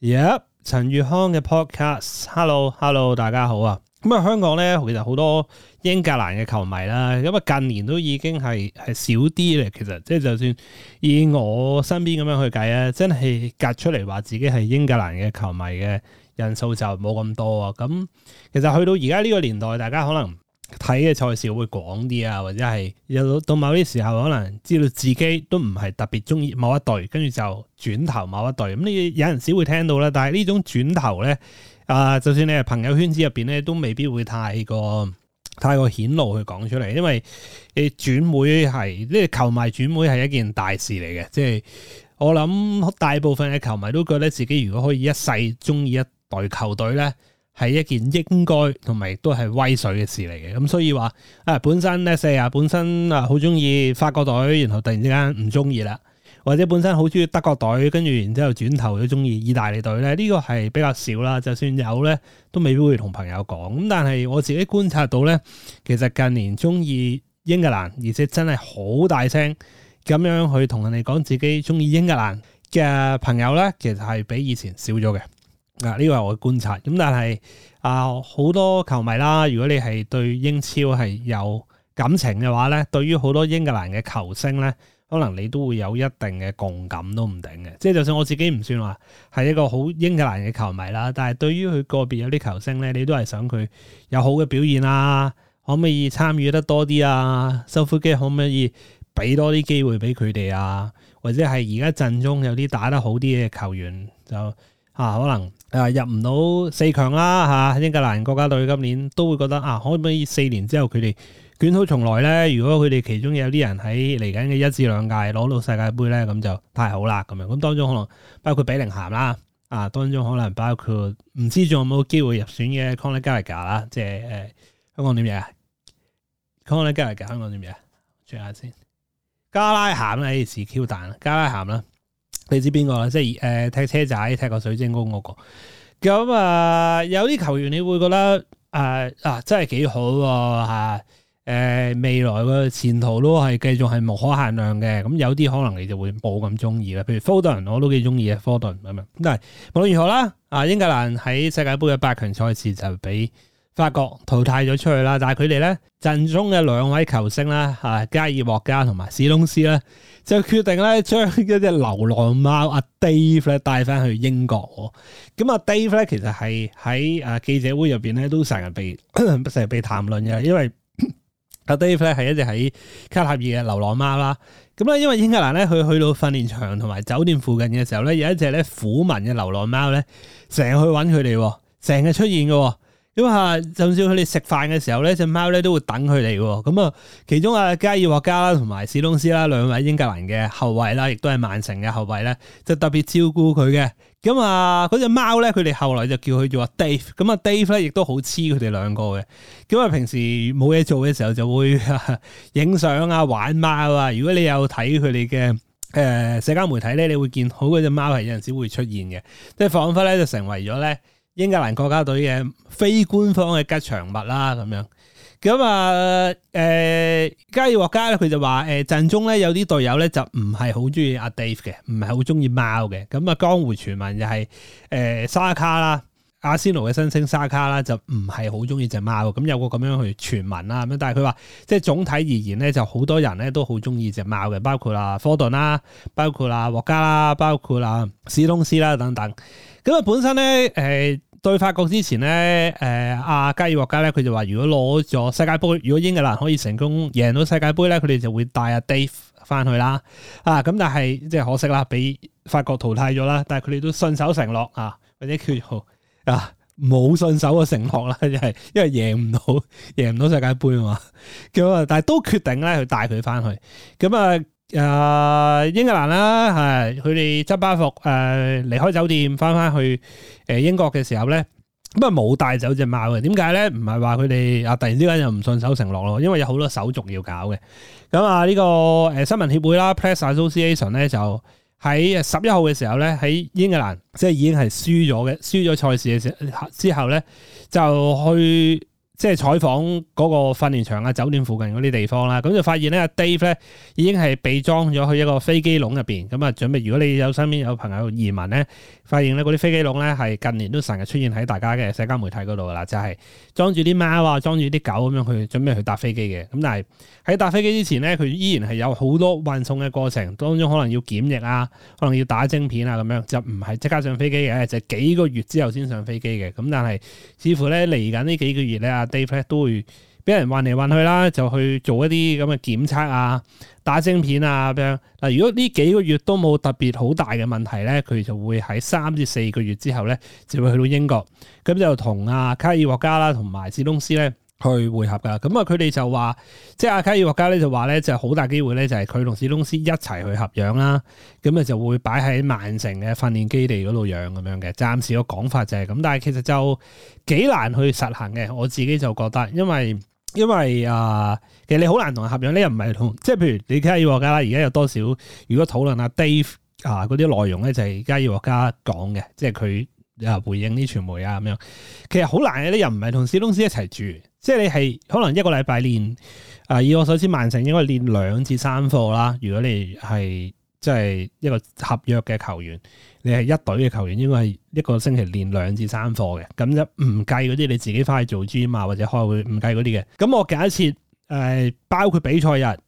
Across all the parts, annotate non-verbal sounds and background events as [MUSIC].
Yep，陳月康嘅 podcast，hello，hello，hello，大家好啊。咁啊，香港咧其實好多英格蘭嘅球迷啦，咁啊近年都已經係係少啲啦。其實即係就算以我身邊咁樣去計啊，真係隔出嚟話自己係英格蘭嘅球迷嘅人數就冇咁多啊。咁其實去到而家呢個年代，大家可能。睇嘅賽事會廣啲啊，或者係有到某啲時候，可能知道自己都唔係特別中意某一隊，跟住就轉頭某一隊。咁、嗯、你有陣時會聽到啦，但係呢種轉頭咧，啊、呃，就算你係朋友圈子入邊咧，都未必會太過太過顯露去講出嚟，因為你轉會係呢個球迷轉會係一件大事嚟嘅，即、就、係、是、我諗大部分嘅球迷都覺得自己如果可以一世中意一隊球隊咧，係一件應該同埋都係威水嘅事嚟嘅，咁、嗯、所以話啊，本身咧四日本身啊好中意法國隊，然後突然之間唔中意啦，或者本身好中意德國隊，跟住然之後轉頭都中意意大利隊咧，呢、呢個係比較少啦。就算有咧，都未必會同朋友講。咁但係我自己觀察到咧，其實近年中意英格蘭，而且真係好大聲咁樣去同人哋講自己中意英格蘭嘅朋友咧，其實係比以前少咗嘅。啊！呢個係我嘅觀察，咁但係啊，好、呃、多球迷啦，如果你係對英超係有感情嘅話咧，對於好多英格蘭嘅球星咧，可能你都會有一定嘅共感都唔定嘅。即係就算我自己唔算話係一個好英格蘭嘅球迷啦，但係對於佢個別有啲球星咧，你都係想佢有好嘅表現啦、啊，可唔可以參與得多啲啊？修夫基可唔可以俾多啲機會俾佢哋啊？或者係而家陣中有啲打得好啲嘅球員就～啊，可能啊入唔到四強啦嚇、啊，英格蘭國家隊今年都會覺得啊，可唔可以四年之後佢哋捲土重來咧？如果佢哋其中有啲人喺嚟緊嘅一至兩屆攞到世界盃咧，咁就太好啦咁樣。咁、啊、當中可能包括比寧鹹啦，啊當中可能包括唔知仲有冇機會入選嘅 Conley Gallagher 啦，即係誒、呃、香港點嘢？Conley Gallagher 香港點嘢？轉下先，加拉鹹啦，A C Q 蛋啦，加拉鹹啦。你知邊個啦，即係誒踢車仔踢過水晶宮嗰，那個，咁、嗯、啊有啲球員你會覺得誒啊，啊真係幾好喎吓，誒、啊啊、未來個前途都係繼續係無可限量嘅，咁、嗯、有啲可能你就會冇咁中意啦。譬如科頓，我都幾中意嘅科頓，唔係 [MUSIC] 但係無論如何啦，啊英格蘭喺世界杯嘅八強賽事就俾法國淘汰咗出去啦，但係佢哋咧陣中嘅兩位球星啦，啊加爾莫加同埋史東斯咧，就決定咧將一隻流浪貓阿 Dave 咧帶翻去英國。咁啊 Dave 咧其實係喺啊記者會入邊咧都成日被成日被談論嘅，因為阿 Dave 咧係一隻喺卡塔爾嘅流浪貓啦。咁咧因為英格蘭咧佢去到訓練場同埋酒店附近嘅時候咧，有一隻咧虎紋嘅流浪貓咧成日去搵佢哋，成日出現嘅。咁啊，甚至佢哋食飯嘅時候咧，隻貓咧都會等佢哋。咁啊，其中啊加爾沃家啦，同埋史東斯啦，兩位英格蘭嘅後衛啦，亦都係曼城嘅後衛咧，就特別照顧佢嘅。咁啊，嗰隻貓咧，佢哋後來就叫佢做阿 Dave。咁啊，Dave 咧亦都好黐佢哋兩個嘅。咁啊，平時冇嘢做嘅時候，就會影相啊，玩貓啊。如果你有睇佢哋嘅誒社交媒體咧，你會見到嗰隻貓係有陣時會出現嘅，即係仿佛咧就成為咗咧。英格蘭國家隊嘅非官方嘅吉祥物啦，咁樣，咁啊，誒、呃、加爾獲加咧，佢就話誒陣中咧有啲隊友咧就唔係好中意阿 Dave 嘅，唔係好中意貓嘅。咁啊，江湖傳聞又係誒沙卡啦、阿仙奴嘅新星沙卡啦，就唔係好中意隻貓。咁有個咁樣去傳聞啦，咁但係佢話即係總體而言咧，就好多人咧都好中意隻貓嘅，包括啦科頓啦，包括啦獲加啦，包括啦史東斯啦等等。咁啊本身咧誒。呃對法國之前咧，誒、啊、阿加爾國家咧，佢就話如果攞咗世界杯，如果英格蘭可以成功贏到世界杯咧，佢哋就會帶阿 Dave 翻去啦。啊，咁但係即係可惜啦，俾法國淘汰咗啦。但係佢哋都信守承諾啊，或者叫做啊冇信守嘅承諾啦，係因為贏唔到，贏唔到世界杯啊嘛。咁啊，但係都決定咧去帶佢翻去。咁啊。誒、呃，英格蘭啦，係佢哋執包袱誒，離、呃、開酒店翻翻去誒、呃、英國嘅時候咧，咁啊冇帶走隻貓嘅，點解咧？唔係話佢哋啊突然之間又唔信守承諾咯，因為有好多手續要搞嘅。咁、嗯、啊呢、這個誒、呃、新聞協會啦，Press Association 咧就喺十一號嘅時候咧，喺英格蘭即係已經係輸咗嘅，輸咗賽事嘅時之後咧就去。即係採訪嗰個訓練場啊、酒店附近嗰啲地方啦，咁就發現呢阿 Dave 咧已經係被裝咗去一個飛機籠入邊，咁啊準備。如果你有身邊有朋友移民呢，發現呢嗰啲飛機籠呢，係近年都成日出現喺大家嘅社交媒體嗰度噶啦，就係、是、裝住啲貓啊、裝住啲狗咁樣去準備去搭飛機嘅。咁但係喺搭飛機之前呢，佢依然係有好多運送嘅過程，當中可能要檢疫啊，可能要打晶片啊咁樣，就唔係即刻上飛機嘅，就是、幾個月之後先上飛機嘅。咁但係似乎呢，嚟緊呢幾個月呢。Dave 都會俾人運嚟運去啦，就去做一啲咁嘅檢測啊、打晶片啊咁樣。嗱，如果呢幾個月都冇特別好大嘅問題咧，佢就會喺三至四個月之後咧，就會去到英國，咁就同啊卡爾沃家啦，同埋史東斯咧，去會合噶，咁啊佢哋就話，即係阿卡爾畫家咧就話咧，就好大機會咧，就係佢同史東斯一齊去合養啦，咁啊就會擺喺曼城嘅訓練基地嗰度養咁樣嘅。暫時個講法就係、是、咁，但係其實就幾難去實行嘅，我自己就覺得，因為因為啊、呃，其實你好難同佢合養，呢又唔係同，即係譬如你卡爾畫家啦，而家有多少？如果討論阿 Dave 啊嗰啲內容咧，就係卡爾畫家講嘅，即係佢。啊！回應啲傳媒啊，咁樣其實好難嘅。你又唔係同史東斯一齊住，即係你係可能一個禮拜練啊。以我所知，曼城應該練兩至三課啦。如果你係即係一個合約嘅球員，你係一隊嘅球員，應該係一個星期練兩至三課嘅。咁就唔計嗰啲你自己翻去做 gym 啊，或者開會唔計嗰啲嘅。咁我假設誒、呃，包括比賽日。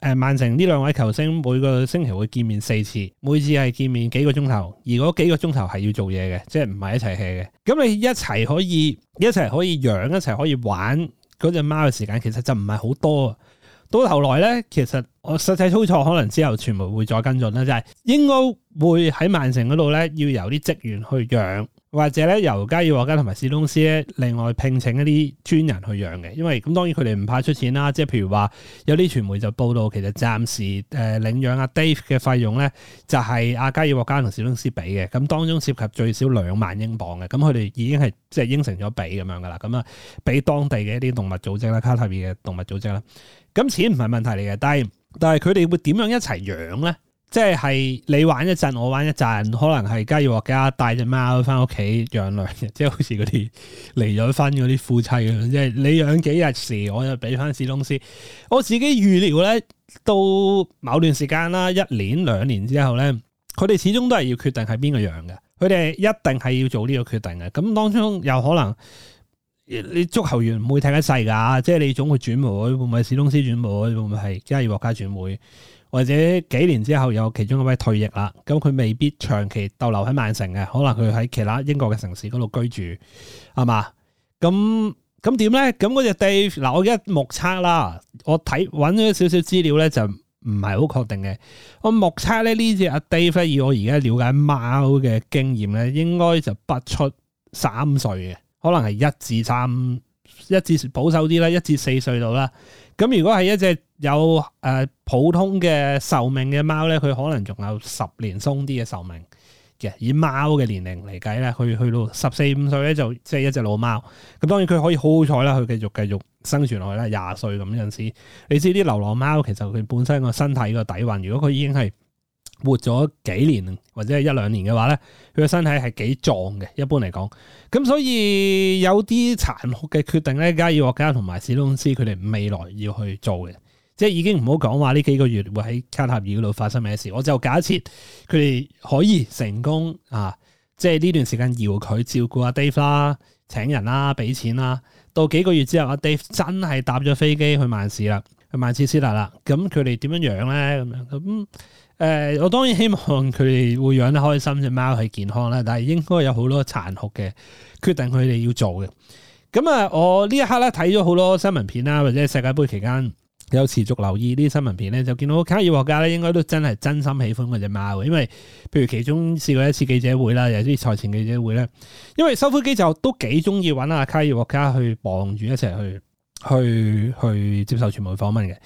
誒，曼城呢兩位球星每個星期會見面四次，每次係見面幾個鐘頭，而嗰幾個鐘頭係要做嘢嘅，即係唔係一齊 hea 嘅。咁你一齊可以一齊可以養，一齊可以玩嗰隻、那個、貓嘅時間，其實就唔係好多。到頭來呢，其實我實際操作可能之後全部會再跟進啦，就係、是、應該會喺曼城嗰度呢，要由啲職員去養。或者咧，由加爾沃加同埋史東斯咧，另外聘請一啲專人去養嘅，因為咁當然佢哋唔怕出錢啦。即係譬如話，有啲傳媒就報道，其實暫時誒領養阿 Dave 嘅費用咧，就係阿加爾沃加同史東斯俾嘅。咁當中涉及最少兩萬英鎊嘅，咁佢哋已經係即係應承咗俾咁樣噶啦。咁啊，俾當地嘅一啲動物組織啦，卡塔爾嘅動物組織啦。咁錢唔係問題嚟嘅，但係但係佢哋會點樣一齊養咧？即係你玩一陣，我玩一陣，可能係而家要話家帶隻貓返屋企養兩日，即係好似嗰啲離咗婚嗰啲夫妻咁，即係你養幾日時，我就俾翻史東斯。我自己預料咧，到某段時間啦，一年兩年之後咧，佢哋始終都係要決定係邊個養嘅，佢哋一定係要做呢個決定嘅。咁當中有可能。你足球員唔會踢一世噶，即係你總會轉會，會唔會係史東斯轉會，會唔會係加爾獲加轉會，或者幾年之後有其中一位退役啦，咁佢未必長期逗留喺曼城嘅，可能佢喺其他英國嘅城市嗰度居住，係嘛？咁咁點咧？咁嗰隻 Dave 嗱、啊，我而家目測啦，我睇揾咗少少資料咧，就唔係好確定嘅。我目測咧呢隻阿、這個、Dave 以我而家了解貓嘅經驗咧，應該就不出三歲嘅。可能係一至三、一至保守啲啦，一至四歲度啦。咁如果係一隻有誒、呃、普通嘅壽命嘅貓咧，佢可能仲有十年鬆啲嘅壽命嘅。以貓嘅年齡嚟計咧，佢去到十四五歲咧，就即、是、係一隻老貓。咁當然佢可以好好彩啦，佢繼續繼續生存落去啦。廿歲咁樣陣時，你知啲流浪貓其實佢本身個身體個底蘊，如果佢已經係，活咗幾年或者係一兩年嘅話咧，佢嘅身體係幾壯嘅，一般嚟講。咁所以有啲殘酷嘅決定咧，加爾沃加同埋史東斯佢哋未來要去做嘅，即係已經唔好講話呢幾個月會喺卡塔爾嗰度發生咩事。我就假設佢哋可以成功啊，即係呢段時間搖佢照顧阿 Dave 啦，請人啦，俾錢啦。到幾個月之後，阿 Dave 真係搭咗飛機去曼市啦，去曼徹斯特啦。咁佢哋點樣樣咧？咁樣咁。誒、呃，我當然希望佢哋會養得開心，隻貓係健康啦。但係應該有好多殘酷嘅決定，佢哋要做嘅。咁啊，我呢一刻咧睇咗好多新聞片啦，或者世界杯期間有持續留意呢啲新聞片咧，就見到卡耶沃家咧，應該都真係真心喜歡嗰隻貓嘅。因為譬如其中試過一次記者會啦，有啲賽前記者會咧，因為收養機構就都幾中意揾阿卡耶沃家去傍住一齊去去去接受全部訪問嘅。誒、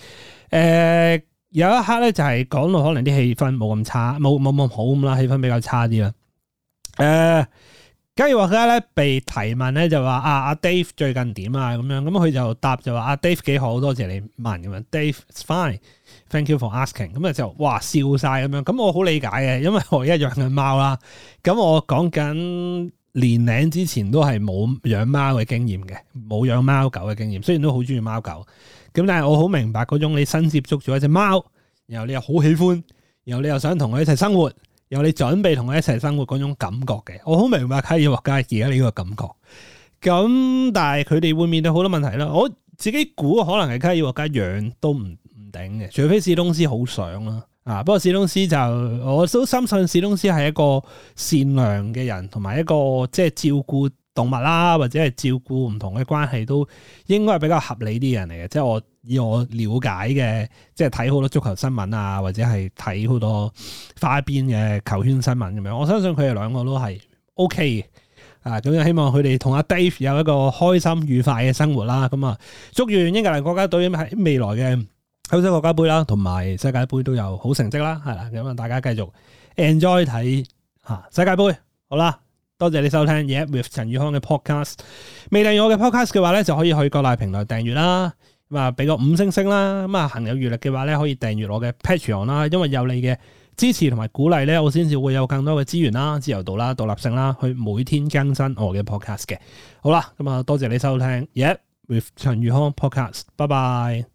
呃。有一刻咧就係講到可能啲氣氛冇咁差，冇冇冇好咁啦，氣氛比較差啲啦。誒，跟住話佢咧被提問咧就話啊，阿、ah, Dave 最近點啊咁樣，咁佢就答就話阿、ah, Dave 幾好多謝你問咁樣，Dave it's fine，thank you for asking，咁啊就哇笑晒咁樣，咁我好理解嘅，因為我一樣嘅貓啦，咁我講緊。年零之前都係冇養貓嘅經驗嘅，冇養貓狗嘅經驗。雖然都好中意貓狗，咁但係我好明白嗰種你新接觸咗一隻貓，然後你又好喜歡，然後你又想同佢一齊生活，然後你準備同佢一齊生活嗰種感覺嘅。我好明白卡爾沃家而家呢個感覺。咁但係佢哋會面對好多問題啦。我自己估可能係卡爾沃家養都唔唔頂嘅，除非史東斯好想啦。啊！不過史東斯就我都深信史東斯係一個善良嘅人，同埋一個即係照顧動物啦，或者係照顧唔同嘅關係都應該係比較合理啲人嚟嘅。即係我以我了解嘅，即係睇好多足球新聞啊，或者係睇好多花邊嘅球圈新聞咁樣。我相信佢哋兩個都係 OK 嘅啊！咁樣希望佢哋同阿 Dave 有一個開心愉快嘅生活啦。咁啊，祝願英格蘭國家隊喺未來嘅～歐洲國家盃啦，同埋世界盃都有好成績啦，係啦咁啊！大家繼續 enjoy 睇吓世界盃，好啦，多謝你收聽嘢、yeah, with 陳宇康嘅 podcast。未訂閱我嘅 podcast 嘅話咧，就可以去各大平台訂閱啦，咁啊俾個五星星啦。咁啊，行有餘力嘅話咧，可以訂閱我嘅 Patreon 啦，因為有你嘅支持同埋鼓勵咧，我先至會有更多嘅資源啦、自由度啦、獨立性啦，去每天更新我嘅 podcast 嘅。好啦，咁啊，多謝你收聽嘢、yeah, with 陳宇康 podcast，拜拜。